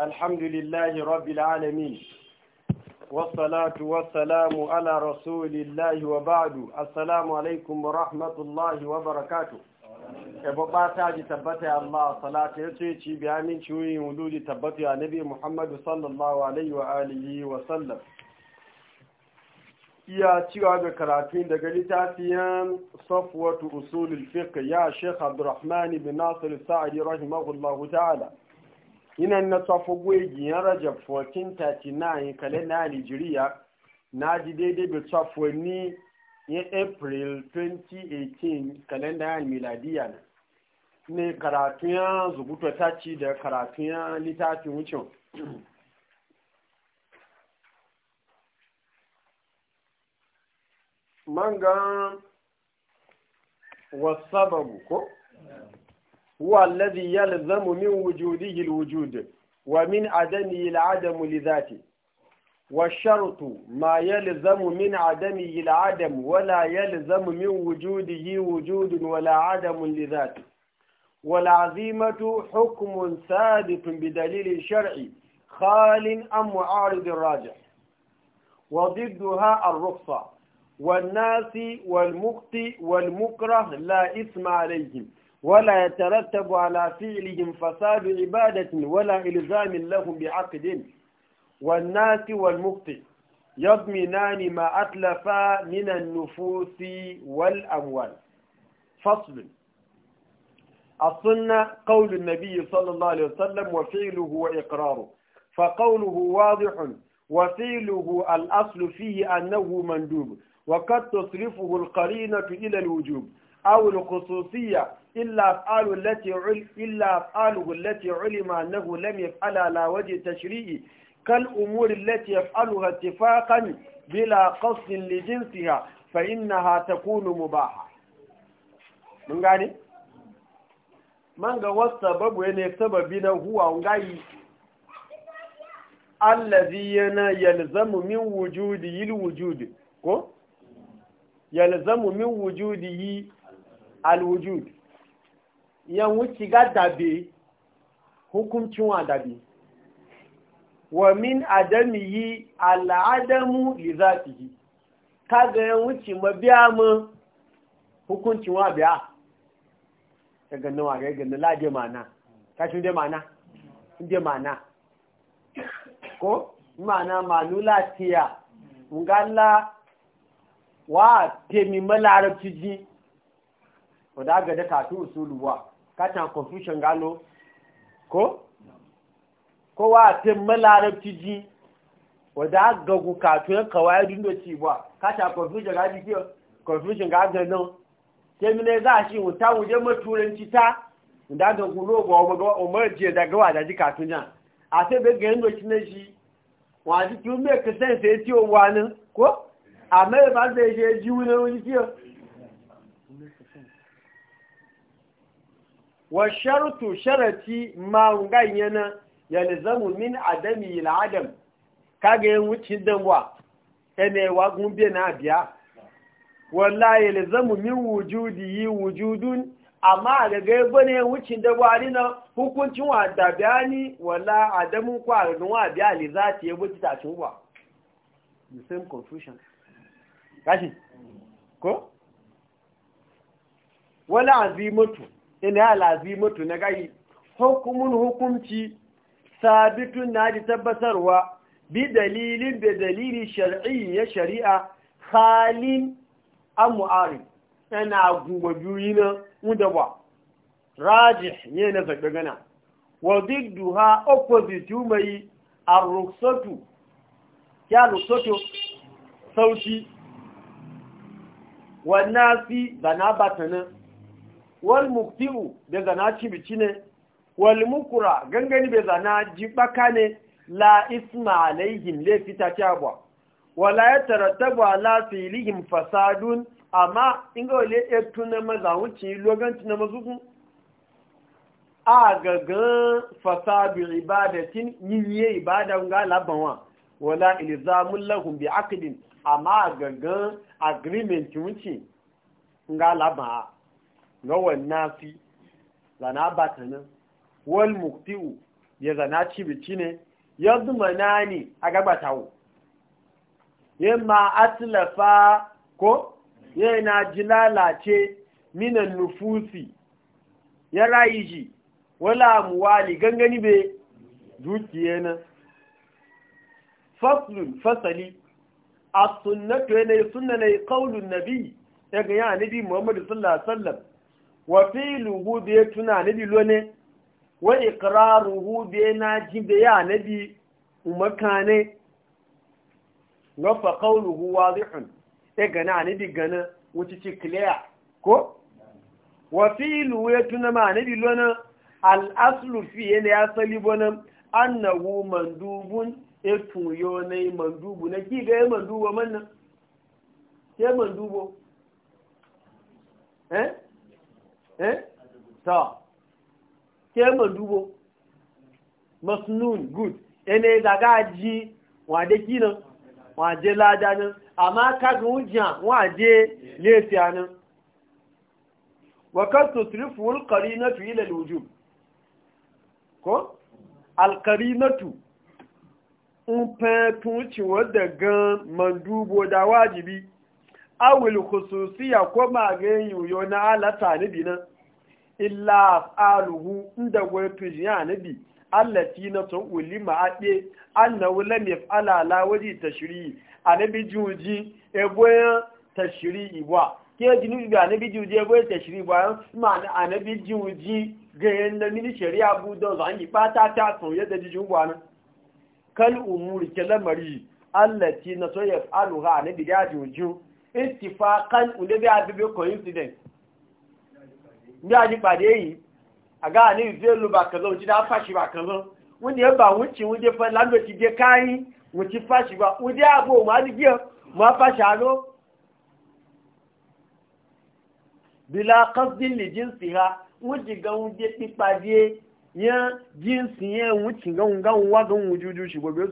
الحمد لله رب العالمين والصلاة ala على wa الله وبعد alaikum wa ورحمة wa وبركاته ebo bata ji tabbata Allah salatu yace ci bi amin yin wududi tabbata ya nabi Muhammad sallallahu alaihi wa alihi wa sallam iya cewa ga karatu daga litafiyan safwatu usulul fiqh ya Sheikh Abdurrahman ibn Nasir Sa'di rahimahullahu ta'ala yinan na tsofo gwegi yan rajab 1439 kalenda a nigeria na ji daidai da tsofo ni yan april 2018 kalenda a miladiya na ne karatun ya zubuta ta da karatun ya littafin wucin manga wasu sababu ko هو الذي يلزم من وجوده الوجود ومن عدمه العدم لذاته والشرط ما يلزم من عدمه العدم ولا يلزم من وجوده وجود ولا عدم لذاته والعزيمة حكم ثابت بدليل شرعي خال أم معارض راجح وضدها الرخصة والناس والمقت والمكره لا إثم عليهم ولا يترتب على فعلهم فساد عبادة ولا إلزام لهم بعقد والناس والمخطئ يضمنان ما أتلفا من النفوس والأموال فصل السنة قول النبي صلى الله عليه وسلم وفعله وإقراره فقوله واضح وفعله الأصل فيه أنه مندوب وقد تصرفه القرينة إلى الوجوب أو الخصوصية إلا أفعاله التي إلا أفعاله التي علم أنه لم يفعلها على وجه تشريعي كالأمور التي يفعلها اتفاقا بلا قصد لجنسها فإنها تكون مباحة من قال من قال السبب وين السبب بنا هو ونقاي الذي يلزم من وجوده الوجود يلزم من وجوده alwujud yan wuce ga dabe hukuncin wa dabe wa min adami yi al'adamu li zafihi kaga yan wuce mabiya mu hukuncin wa biya ta ganin wa ga ganin laje mana shi dai mana inda mana ko mana manula tiya ngalla wa temi malarabci ji wadda aga da kafin usuluwa katon confucian gano ko? kowa a te malarabci ji wadda aga gu kafin kawai dundo ci ba katon confucian gadi kiyo confucian gadi nan ke mine za a shi wuta wuje maturanci ta da ga gulo ba umar jiya daga wadaji kafin jan a sai bai ga yadda shi na shi wajen tun mai kasan sai wa wani ko a mai ba zai shi ya ji wunan wani kiyo wa sharutu sharati ma ganyana yalzamu min adami ila adam kage yin wuce danwa ene wa gumbe na biya wallahi yalzamu min wujudi wujudun amma ga ga bane wuce danwa ni na hukuncin wa da bani wala adamu kwa ga wa biya li zati ya buci ta tuba the same confusion kashi ko wala azimatu ina lazimatu na gai hukumun hukumci sabitun na ji tabbatarwa bi dalilin da dalili shar'i ya shari'a halin amu'ari yana gungwa juyi na wunda ba rajih ne na zaɓe gana wa duha opposite mai a ruksatu ya ruksatu sauci wannan fi ba na batanin wal muktiu da zana ci ne wal mukura gangani bai zana ji baka ne la isma alaihim laifi ta kyabwa wala ya tarattaba ala filihim fasadun amma inga wale etu na maza wuce loganci na mazukun a gagan fasadu ibadatin yinye ibadan ga labanwa wala ilzamun lahum bi aqdin amma gagan agreement wuce ga labanwa gawan nafi zana batanin wal muktiu ya zana cibici ne ya na ne a gabatawo yamma atlafa ko yana ji lalace minan nufusi ya rayu ji wala muwali gangani be dukiye na faslun fasali as-sunnatu ne sunna ne qaulun nabi ga ya nabi Muhammad sallallahu alaihi wasallam wa filuhu ya tuna nabi lone wa iqraruhu bi naji da ya nabi umakane na fa qawluhu wadihun e gana bi gana wuce ci clear ko wa filu ya tuna ma bi lone al aslu fi yana ya salibona annahu mandubun etu yo ne mandubu na kiga mandubo manna ke mandubo eh eh ta ke mandubo masnun good ene daga ji wade kinan wade ladanin amma kaga wujiya wade lefiyanin wakar tutrifu alkari na fi ilal wujub ko alkari na tu n tun ci ciwọ́ daga mandubo da wajibi awil khususiya ko magayin yuyo na alata nabi nan illa aluhu inda wato jiya nabi allati na tun ulima ade annahu lam yaf'ala ala waji tashri'i anabi juji eboyan tashri'i wa ke jini bi anabi juji eboyan tashri'i wa ma anabi juji ga yanda mini shari'a bu don zan yi bata ta tun yadda jijin wa nan kal umuri kalamari allati na tun yaf'aluha anabi ya juju ittifaqan unde bi abi bi coincidence bi aji pàdé yìí aga ni ife lu ba kan lo ti da fashi ba kan lo wọ́n ní ba wọ́n ti wọ́n je fa lando ti je kai wọ́n ti fashi ba wọ́n je abo ma di je ma fashi ano bila qasdin li jinsiha wọ́n ti ga wọ́n je pípàdé yan jinsi yẹn wọ́n ti ga wọ́n ga wọ́n wa ga wọ́n juju shi bo bi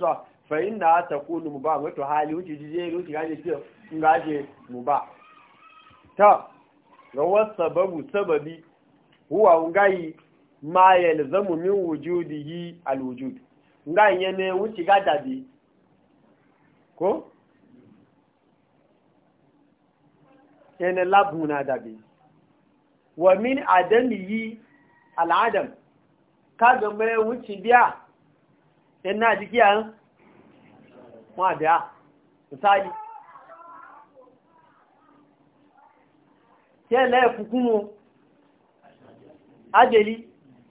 fa inna mu ba wato hali wuce jije wuce gaje ce in gaje mubah ta ga wasababu sababi huwa ngai ma yalzamu min wujudihi alwujud ngai ne wuce gadabi ko yene labuna dabi wa min adamihi al'adam kaga mai wuce biya ina jikiya wọn àdá ìsáyí tí ẹ̀lẹ́ ẹ̀kùnkún mú ajẹ́lí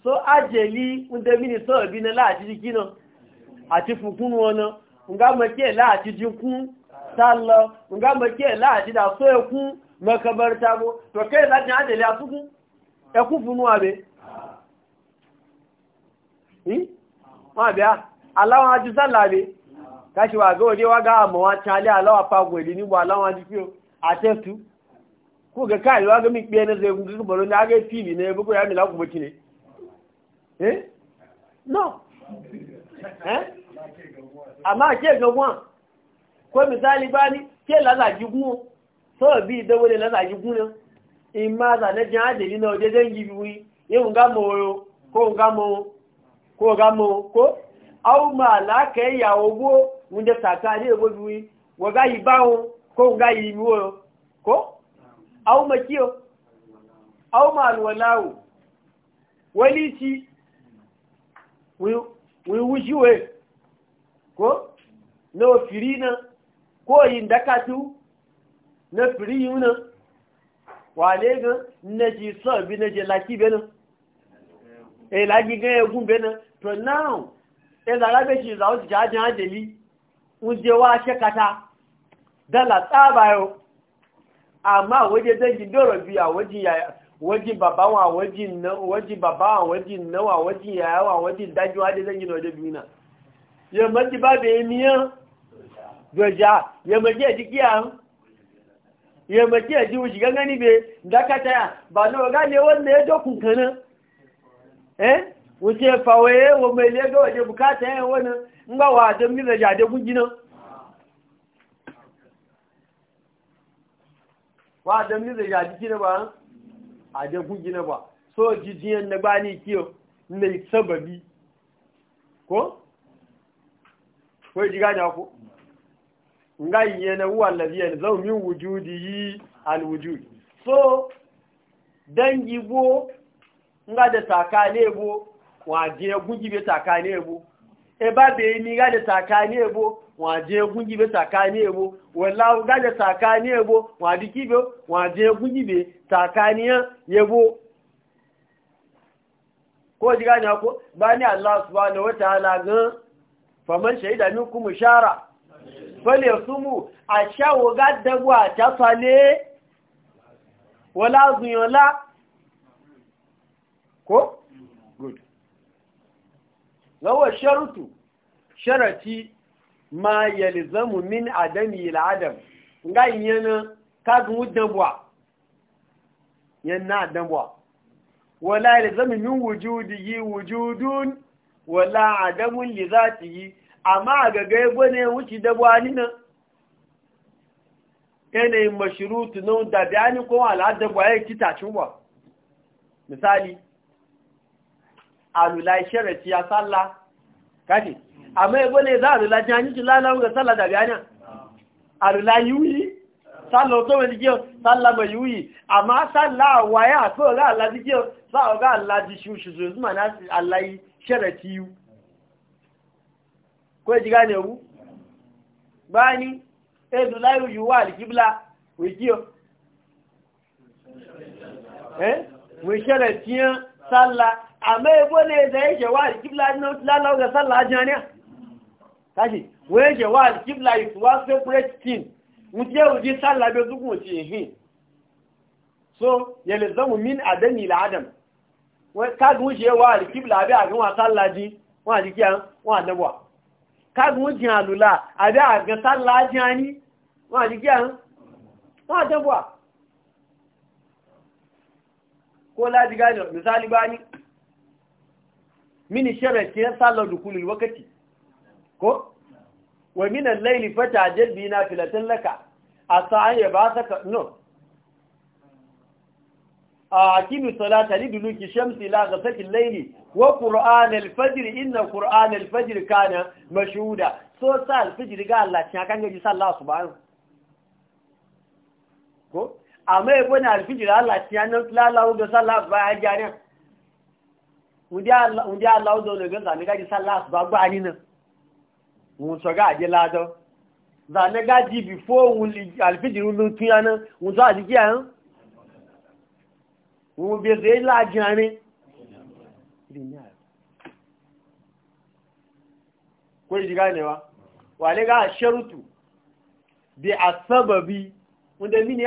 so ajẹ́lí ń dẹ mínísọ̀ ìbí ní láti jí kínà àti fùnkún wọn náà ǹgá mẹ́kẹ́ láti jí kún sálọ ǹgá mẹ́kẹ́ láti dà só ẹkún mẹ́kẹbẹ̀rẹ̀tàbó aláwọn ajú sálàbẹ́ káṣí wà gọ́ òdé wágá àmọ́ àtàlẹ́ aláwà pàgbò èdè nígbà aláwà dípí àtẹ́tù kú kẹká ìlúwà gẹ́mí pé ẹni ṣe fún kíkọ́ ní agẹ́ fíìlì ní ẹgbẹ́ kó yá mi lákùnbọ̀ kí ni ẹ́ náà ẹ́ àmọ́ àti ẹ̀gàn kó mi sáálí gbá ní kí au ma la ya owo unde tata ni owo bi wo ga yi ba ko ga yi mi ko au ma kiyo au ma walau wali ti wi wi wujiwe ko no firina ko yin dakatu na firina yuna wale ga na ji so bi na je laki bena e lagi ga egun bena pronoun ẹzàrá méjì ìzàwó ti jáájá ájèlí ń jẹ wá ṣẹ́kata dálà tààbà ẹ̀ àmá àwọ́jẹ́ tẹ́jì dọ́rọ̀ bí àwọ́jì bàbá wọn àwọ́jì náà àwọ́jì ìyàyà wọn àwọ́jì dájú ájẹ́ tẹ́jì lọ débi náà yẹmọ́jì bá bẹ̀ẹ́ mìíràn dọ̀já yẹmọ́jì ẹ̀jì kí à ń yẹmọ́jì ẹ̀jì oṣù gángan dakata ìdákátà ba náà ọ̀gá lè wọ́n lè dọ́kùn kan náà wuce fawaye wa mai lega waje bukata yayin wani in wa don gina jade guginan wa don gina jade gina ba a kun gugina ba so jijiyan na bani kiyo mai sababi ko? ko ji gane ku? nga yi na wuwan lafiya zaun min wujudi yi alwujudi so dangi bo nga da takane bo wọ́n jẹ́ egún jíbe tàkà ní ẹbú ẹbá ní gájẹ̀ tàkà ní jẹ́ jíbe tàkà ní ẹbó wẹ̀lá gájẹ̀ tàkà ní wọ́n kíbe jẹ́ jíbe tàkà ní ẹbó kó jí ní ọkọ́ bá ní Allah subhanahu wa shara fale sumu ko gawa sharutu sharati ma yalzamu min adami ila adam nga yana kagun wudanbuwa yana adanbuwa wala yalzamu min wujudihi wujudun wala adamun li zatihi amma ga gaibo ne wuci dabwa nina yanayin mashirutu na da bayani kuma al'adabwa ya kitacin wa misali alula sharati ya salla kaji amma yabo ne za alula jani ki lalawo ga salla da ganya alula yuyi salla to wani giyo salla ba yuyi amma salla waya to ga sharati ko sharati salla a ebó ní ẹ̀sẹ̀ ìṣẹ̀wà ìkíblá lálọ́gẹ̀ sálà ajáníà káṣì wọ́n ìṣẹ̀wà ìkíblá ìfúwá separate team mú tí ẹ̀rù jí sálà bí ojúkùn yi ìhìn so yẹlẹ̀ zọ́mù min àdẹ́ni ilẹ̀ adam kágun ṣe wà ìkíblá bí àgbọn wà sálà jí wọ́n àti kíá wọ́n àdẹ́wà kágun jìn a àbí àgbọn sálà ajáni wọ́n àti kíá wọ́n àdẹ́wà kó láti gáyọ̀ misali bá ní mini sharati ya sallar dukulul wakati ko wa min al-layli fatajal bina filatan laka sa'an ya ba saka no akimu salata liduluki shamsi la ghasaqil layli wa qur'an al-fajr inna qur'an al-fajr kana mashhuda so sa al-fajr ga Allah tin kan gaji sallah subhanahu ko amma ibn al-fajr Allah tin nan lalawo da sallah ba ya jariya wunde Allah zo ne ganza ne gaji sallah ba gbani nan mun so ga je lado za ne gaji before wun alfijiru lu tun yana mun so ajiki ni wun be ze la jani ko ji ganewa wale bi mini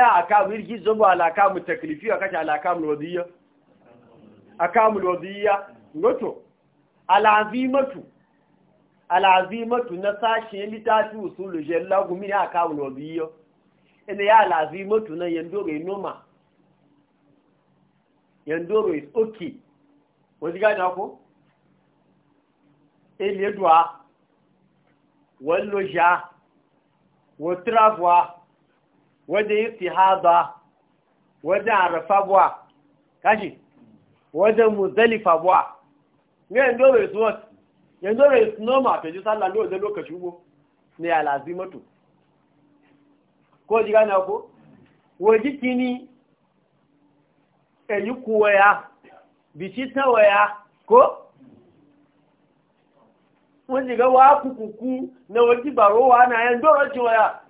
ya goto alazimatu alazimatu na sashen litatu usulu jella gumi ya kawo no biyo ina ya alazimatu na re noma yendo re okay wani gani ako ele dwa wallo ja wa travwa wadda istihada wadda arafa kaji kashi wadda muzali bwa yanzu bai su wasu yanzu bai su noma feji sallah ne wajen lokaci ugbo ne ya lazi ko ji gane ko waji kini eyi kuwaya ya bici tawa ko wọ́n ti gẹ́wà kùkùkù na waji baro wa na yan dọ́rọ̀ waya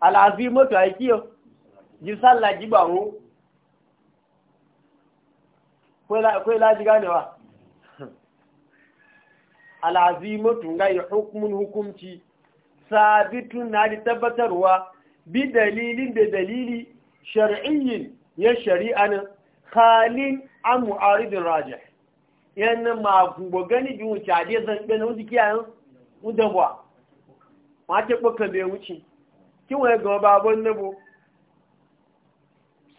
alazi mato aiki yau ji sallah ji baro kwela ji ganewa al'azimatu ga hukumin hukumci sabitun na da tabbatarwa bi dalilin da dalili shari'in ya shari'a nan halin an mu'aridin raja ma magugbo gani bi wuce a dai zan ɗana wuce kiyayen wudabuwa ma ke ɓuka bai wuce kiwaye gaba babban nabo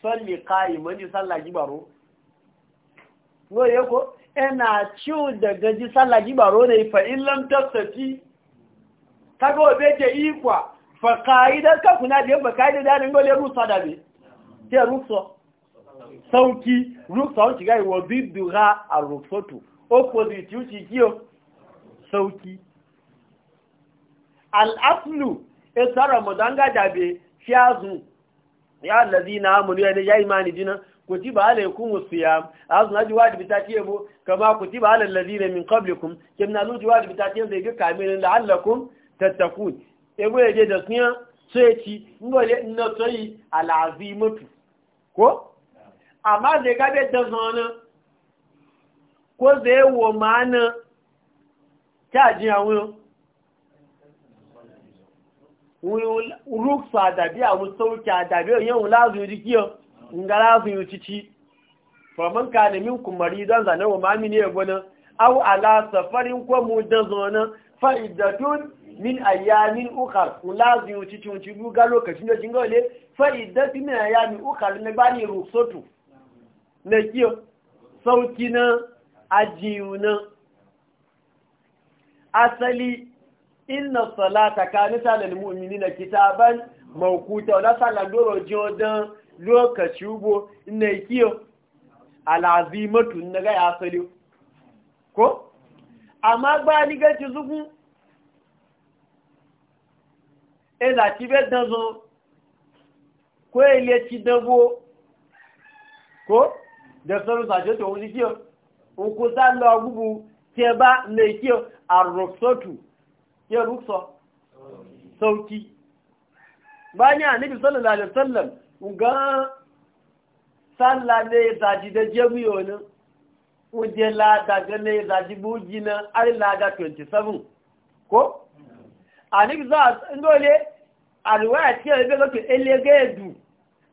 salli kayi mani sallaki baro no ko? ina ciwo da gaji sallah gibaro ne fa in lam tasati kaga obe je ikwa fa kaidan ka kuna da yamba kaidan da ringo le rusa da be te ruso sauki rusa on tiga iwo bidduha arufatu opposite uchi kiyo sauki al-aslu esara ga dabe fiazu ya allazina amanu ya ne ya imani dinan kutiba alaykum siyam azu na jiwadi bitati yabo kama kutiba alal ladina min qablikum kimna lu jiwadi bitati zai ga kamilin la'allakum tattaqun ebo yaje da sunya sai ngole na sai alazimatu ko amma zai ga be da zona ko zai wo mana ta ji awon wọ́n rúksa àdàbí àwọn sóòkè àdàbí òyìnwó láàrin orí ngara su yi cici faman ka ne kumari don zane wa mami ne gwanin au ala safarin ko da zonan fa'idatun min ayyamin ukar kula su yi cici wuci buga lokacin da kin gole fa'idatun min ayyamin ukar na ba ni rusotu na kiyo sauki na ajiyu na asali inna salata kanita lil mu'minina kitaban mawquta wa la doro jodan lokaci ugbo ina kiyo alazimatu na gaya ya saliyo ko amma gba ni ga ti e da ti be dan zo ko ile e ti dabo ko da saru sa je to wuri kiyo o ko ta lo gugu ti e ba na kiyo arrufsatu Ba rufsa sauki bayan annabi sallallahu alaihi wasallam nga salla n'a zaji da jamiyo ne uje lada n'a ne zaji buji na ari ga 27 ko anik za ndole alwaya ce ga lokacin elegedu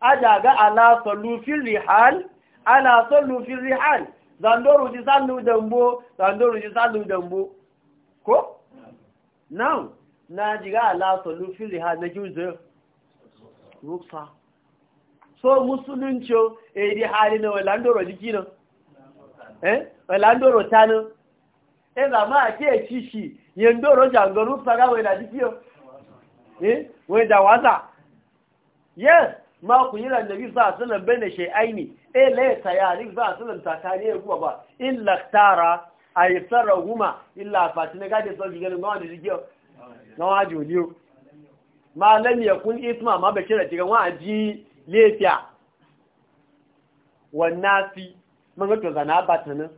aja ga ala sallu fil rihal ala sallu fil rihal zandoru ji sallu dambo zandoru ji sallu dambo ko now na jiga ala sallu fil rihal na juzo ruksa so musulunci e di hali na walandoro jiki na eh walandoro ro na e eh, za ma ke shishi yendoro jangaru faga wai na jiki yo eh wai da waza yes ma ku yi ran sa sallallahu alaihi wasallam bane aini e la tayari ba sallam takani ya kuma ba illa tara huma illa fatina gade so gigan ma wanda jiki yo na wajo liyo ma lam kun isma ma bashira jigan wa ji lefiya wannan fi magato zana batanin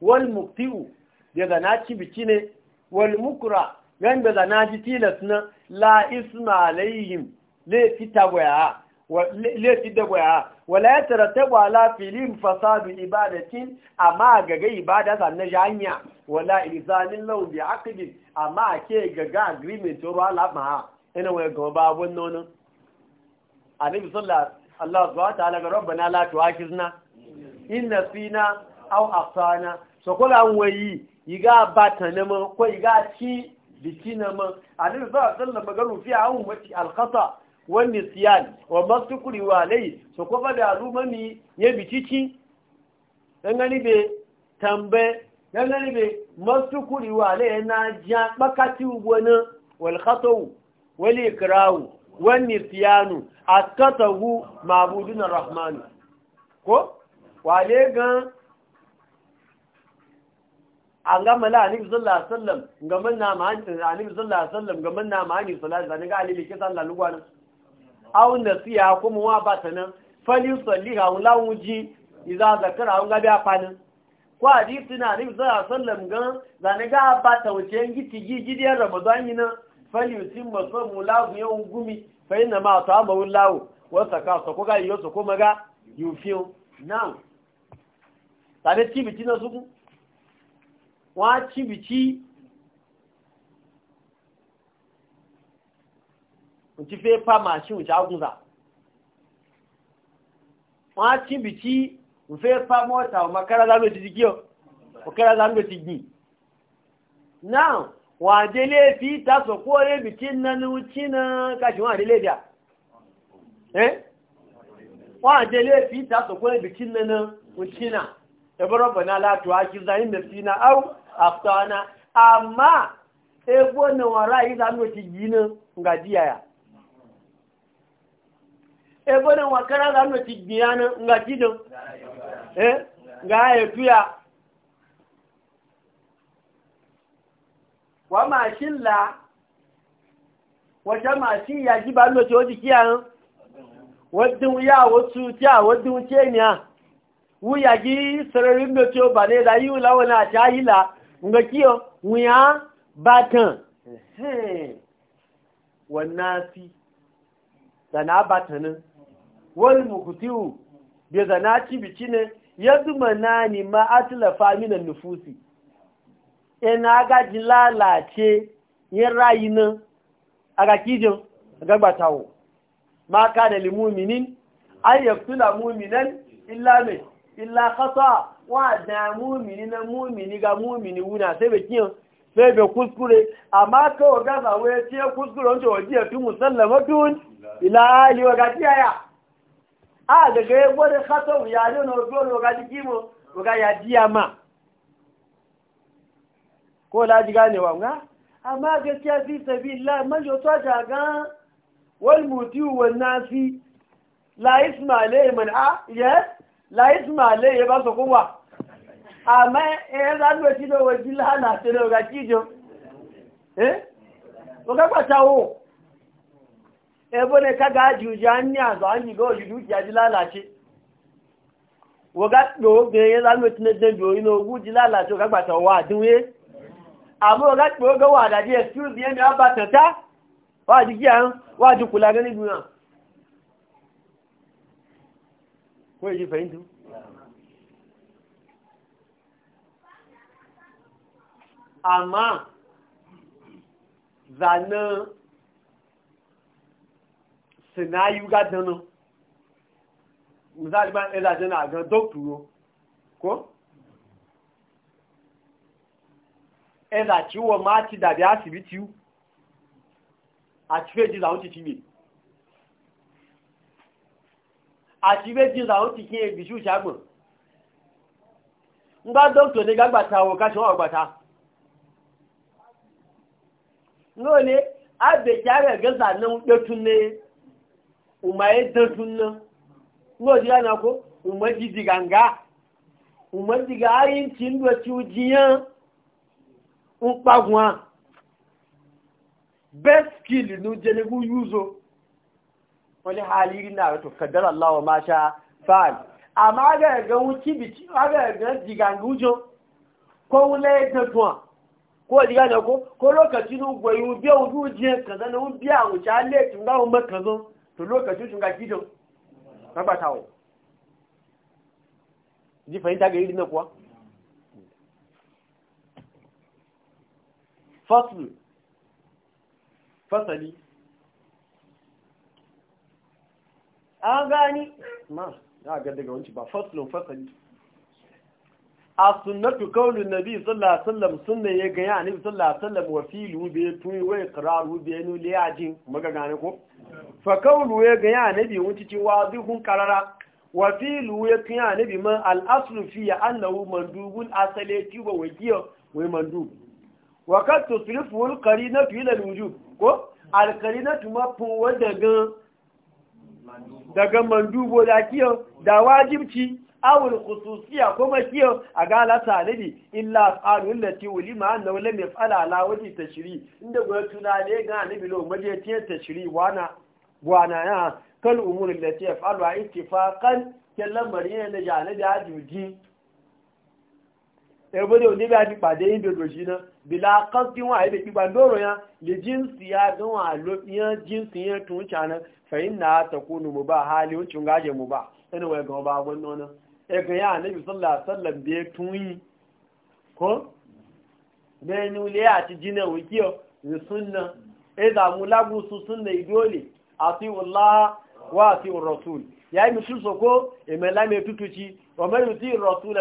wal muktiu da zana ci biki ne wal mukra yan da zana ji tilas na la isma alaihim lefi tabaya wala ya ala filin fasadu ibadatin amma gaga ibada na janya wala ilzanin laubi bi aqdin amma ke gaga agreement ruwa lama ina wani gaba wannan annabi sallallahu alaihi wa ta'ala ga rabbana la tu'akhizna in nasina aw akhtana so kula wayi bata batana ma ko yiga ci ne ma annabi sallallahu alaihi wa sallam ga rufi an wati al-khata wa nisyan wa masukuri wa lai so ko ba da rumani ya bikici dan gani be tambe dan gani be masukuri wa lai na ja bakati wona wal khata wal ikrahu wani tiyanu a katahu mabudun rahmanu ko wale gan an gama la anibi sallallahu ga wasallam gaman na ma anibi ga alaihi wasallam gaman na ma anibi sallallahu alaihi wasallam ga alili ke sallallahu lugwan aw nasiya kuma wa batana fali salliha wala wuji idza zakara an gabi afanin ko hadisi na anibi sallallahu sallam gan zane ga ta wuce ngiti gidiyar ramadan na. falyutin maso mu lagu gumi fa yi na ma ta amawun lawo wata ka so koga yi yoso kuma ga yufiyo now tare cibici na suku wa cibici nci fe pa mashin wuce agunza wa cibici nfe pa mota makara zanuwa ti jikiyo makara zanuwa ti gini now wà dé fi ìtàsọ̀ kó rébì tí nánú tí náà káṣí wọ́n àdé léèfì à fi àdé léèfì ìtàsọ̀ kó tí nánú tí náà ẹbọ́rọ̀ náà látò na wọ́n rá ìzà ní òtí yìí nga díyà egbó na kára ní òtí wọ́n máa ba ńlá wọ́n ṣe máa ṣí ìyá jíba lóṣù ó di kí àrùn wọ́n dín yá àwọn tú tí àwọn dín tí ènìyàn wúyà jí sọ̀rọ̀ rí lóṣù ó bà ní ìlà yíò láwọn àti àyílà ǹgbẹ́ kí o wùyà bá tàn wọ́n na fi zana bá tàn wọ́n mú kùtìwù bí zana tìbìtì yẹ́dùmọ̀ náà ni ma á na ina agájì ji lalace yin rayu nan a ma ká da limuminin an yaftula muminan illa mai illa kasa wa da na mumini ga mumini wuna sai bai kiyan sai kuskure amma kawo gasa wai ce kuskure wajiya tun tun ali wa a daga ya ma ko laji ganewa nga amma gaskiya fi sabilillah man yo to ta ga wal mutiu wan nasi la isma le man a yes la isma le ya ba so kuma amma eh zan do shi do waji la na te do ga kijo eh ko ka kwata wo e bone ne ka ga juja ni a zo an yi go ju dukiya ji lalace wo ga do ga ya zan do na den do ino guji lalace ka kwata wa dinwe àmọ́ láti ọgọ́ wà àdàdí excuse yẹn ni a bá tẹ̀ta wájú kí na ń wájú kù lágẹ́ nígbì náà kó èyí fẹ̀yìntú àmọ́ zànà sinayu gádánà misali bá jẹ́ náà gan dókítù ko? ẹ̀dà tí wọ́n máa ti dàbí àṣìbítí àti fèjì làwọn ti ti gbè àti fèjì làwọn ti kí ebìṣú ṣàgbọ̀n ń bá dókítà ní gbàgbàta àwọn káṣí wọn gbàta lóòlé àbẹ̀kẹ́ gẹ́sà náà pẹ́tún ní umaye mkpagwa best skill nu jenigu yuzo wani haliri na to kaddar Allah wa masha fa'al amma ga ga wuci bici ga ga digangu ujo ko wule da tuwa ko diga da ko ko lokacin ugwe yu biya uju je kaza na ubiya wuce alle tun ga mu makazo to lokacin tun ga kido tabbatawo ji fahimta ga irin na kuwa fasl fasali an gani faslun fasali a sunnatu kaulun nabi sallallahu alaihi ya ga ya nabi sallallahu alaihi wasallam wa filu tuni wa iqraru bi anu li ko fa kaulu ya ga ya nabi wuci ci wazihun qarara wa filu ya tuni ya nabi man al aslu fi annahu mandubun asale wai mandubu wa ka to sirifu alkari na fi lalu ju ko alkari na tu mafi wadagan daga mandubo da kiyon da wajibci awul khususiya ko makiyon a gala salibi illa tsarin da ti wuli ma na wule mai tsala ala waje ta shiri inda gwa tuna ne ga nabilo majaitiyar ta shiri wana ya kan umurin da ti falwa itifakan kyallon mariya na jane da ajiyoji ebe ne wani ba yin pade indo na. bila kasdin wa aibe kiban doro ya li jinsi ya don wa lobiyan jinsi ya tun canan fa inna takunu mubah hali wucin gaje mubah ina wai ga ba wannan nan e ga ya annabi tun ko e mu su sunna idole ati wallahi wa ati yi e mai tutuci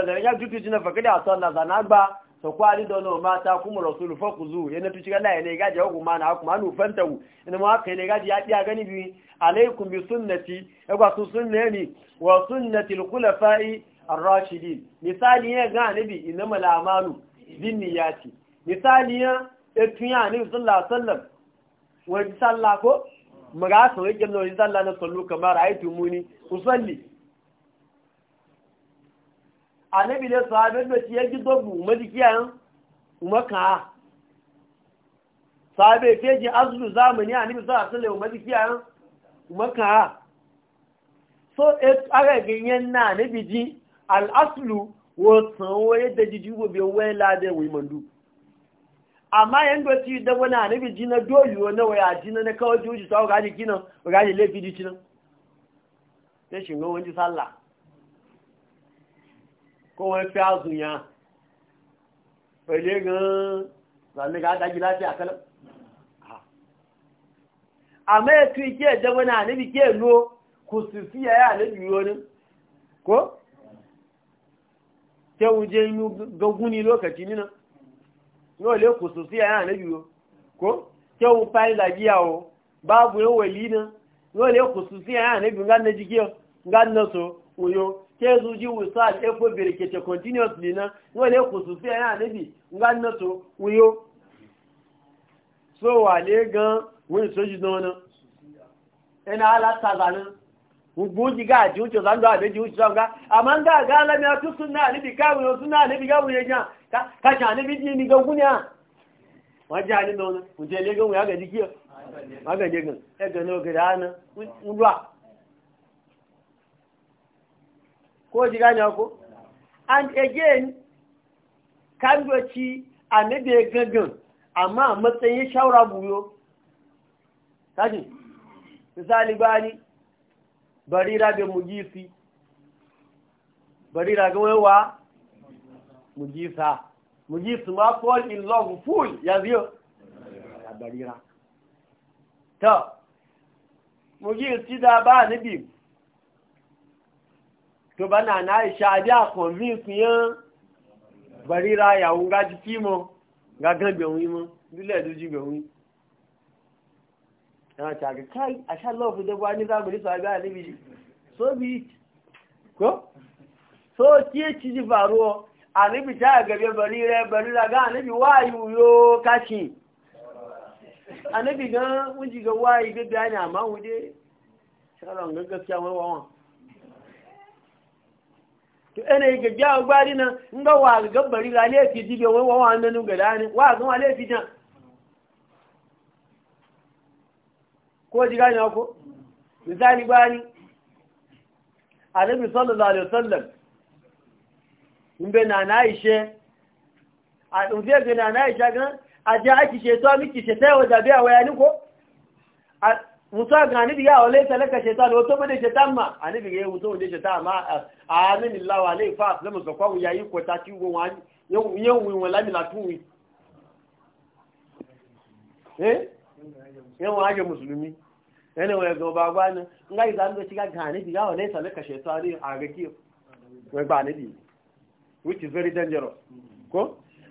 da ya tutuci na fakada a so kwari dono mata kuma rasulu fakuzu yana tuci ga laye ne gaji hukun ma na hukun manu fantahu ina ma haka ne gaji ya biya gani bi alaikum bi sunnati ya e ba su sunne ni wa sunnati al-khulafa'i ar-rashidin misali ya ga nabi ina mal amalu bin niyyati misali ya etunya ni sallallahu alaihi wasallam wa sallako maga so yake no sallallahu alaihi wasallam kamar aitu muni usalli anabi da sahabin da ya ji dogu malikiyan maka sahabe a azulu zamani anabi sa asale malikiyan maka so a e, ara ganyen na anabi ji al aslu wo sanwo yadda jiji gobe wela da wi mandu amma yan da da wani anabi na doliyo na waya ji na na kawai juji sawo gaji ji kó wọn fẹ́ àzùn yẹn pẹ̀lú gan-an lànà ká dájú láti àkẹ́lẹ́. àmọ́ ètò ìké ẹ̀dẹ́gbẹ́ náà níbi kí èlò kò sì sí ẹ̀yà àlejò yóò ní kó tẹ́wọ́n jẹ́ inú gogún ní lókàtí nínú yóò lè kò sì sí ẹ̀yà àlejò yóò kó báàbù náà kò sì sí ẹ̀yà ńgá kí ke zuji wisal efo birkete continuously na wale kusufi ya anabi ngan na to so wale gan wani soji nona ina ala tazana gbogi ga ji uche zando a ji uche zanga amma ga ga ala mi atu sunna anabi ka wo sunna anabi ga wo ji ni ga a waje ani nona unje le gan e na ko ji gane ko and again kan doci a nabe gangan amma matsayin shawara buyo kaji misali bani barira da mugisi barira ga wayewa mujisa mugisi ma fall in love full ya ziyo barira to mujisi da ba nabi to bana na isha adi a convince yan barira yawon gaji kimo ga gan gbẹ̀wìn mọ́ nílẹ̀ ìdójú gbẹ̀wìn ẹ̀wọ̀n tàbí káì àṣàlọ́ fún dẹ́gbà ní agbára níbi so kó so tí è ti di faru ọ àníbi tá àgẹ̀bẹ̀ barira barira gan àníbi wáyù yóò káṣì àníbi gan wọ́n jì gan wáyù gbẹ̀gbẹ̀ àní àmáwùdé ṣàlọ̀ ń gẹ́gẹ́ sí àwọn ẹwà wọn to ene yake gya gbari nan in wa ga bari ga le fi dibe won wa wannan ga dani wa ga wa le fi jan ko ji ga na ko misali bani annabi sallallahu alaihi wasallam in be na na ishe a dun be na na ishe ga a ja aki she to miki she wa da biya waya ni ko mutu ga a ya wale talaka shaitan wato bane shaitan ma mma ya mutu wanda shaitan ma amin Allah wa fa a zama zakwa ya yi ko ta tiwo wani yau wi wala eh yau aje musulmi wa ga ba ga shiga ga ya wale talaka shaitan a ga kiyo wai ba anibi which is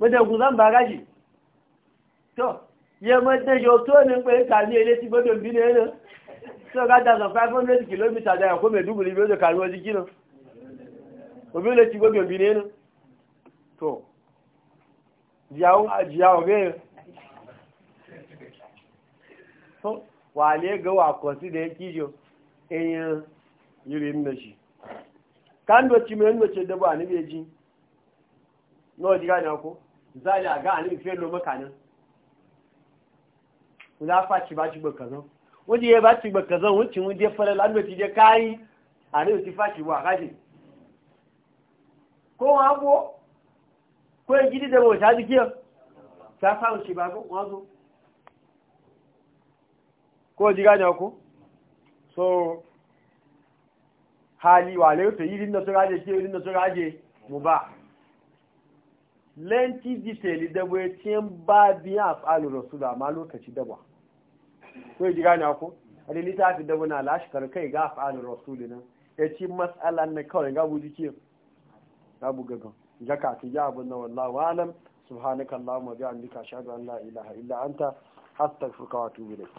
mọ́tẹ́ ogun sáà ń bá gáàjì tó yẹ mọ́tẹ́ yọ tó ní pé ká ní ilé tí gbọ́dọ̀ bí nínú tí ọ̀gá dàsán five hundred kilometres dáyà kó mẹ́dúgbòlì bí ó ti kàrí ọdí jìnnà òbí ilé tí gbọ́dọ̀ bí nínú tó jìyà ọ̀gẹ́ yẹn wà lé gẹ́wà kọ̀sídẹ̀ kíjọ èèyàn yìí ń mẹ́ṣì ká ń dọ̀tí mẹ́rin mẹ́ṣẹ̀ dẹ́bọ̀ àníbẹ̀ẹ́jì náà jí ká ní ko. misali a ga a fiye lomaka nan za a faci ba ci bakazan wajen ya ba ci bakazan wucin wajen falal an mace je kayi a nufi ti faci ba kashe ko wa ko ko ya gidi da bauta jikiyar ta samu shi ba wazo ko ji gane ku so hali wa lai yi yi rinda su gaje ke rinda su gaje mu ba lenti detail dabo ya ciyen ba biyan rasu da ma lokaci daba ko ji a ko wani littafi dabo na lashikar kai ga af'alu rasulu nan ya ci matsala na kawai ga buji ke ga bugagan ka ta ji abin na wa alam subhanakallahumma bihamdika ashhadu an la ilaha illa anta astaghfiruka wa atubu ilayk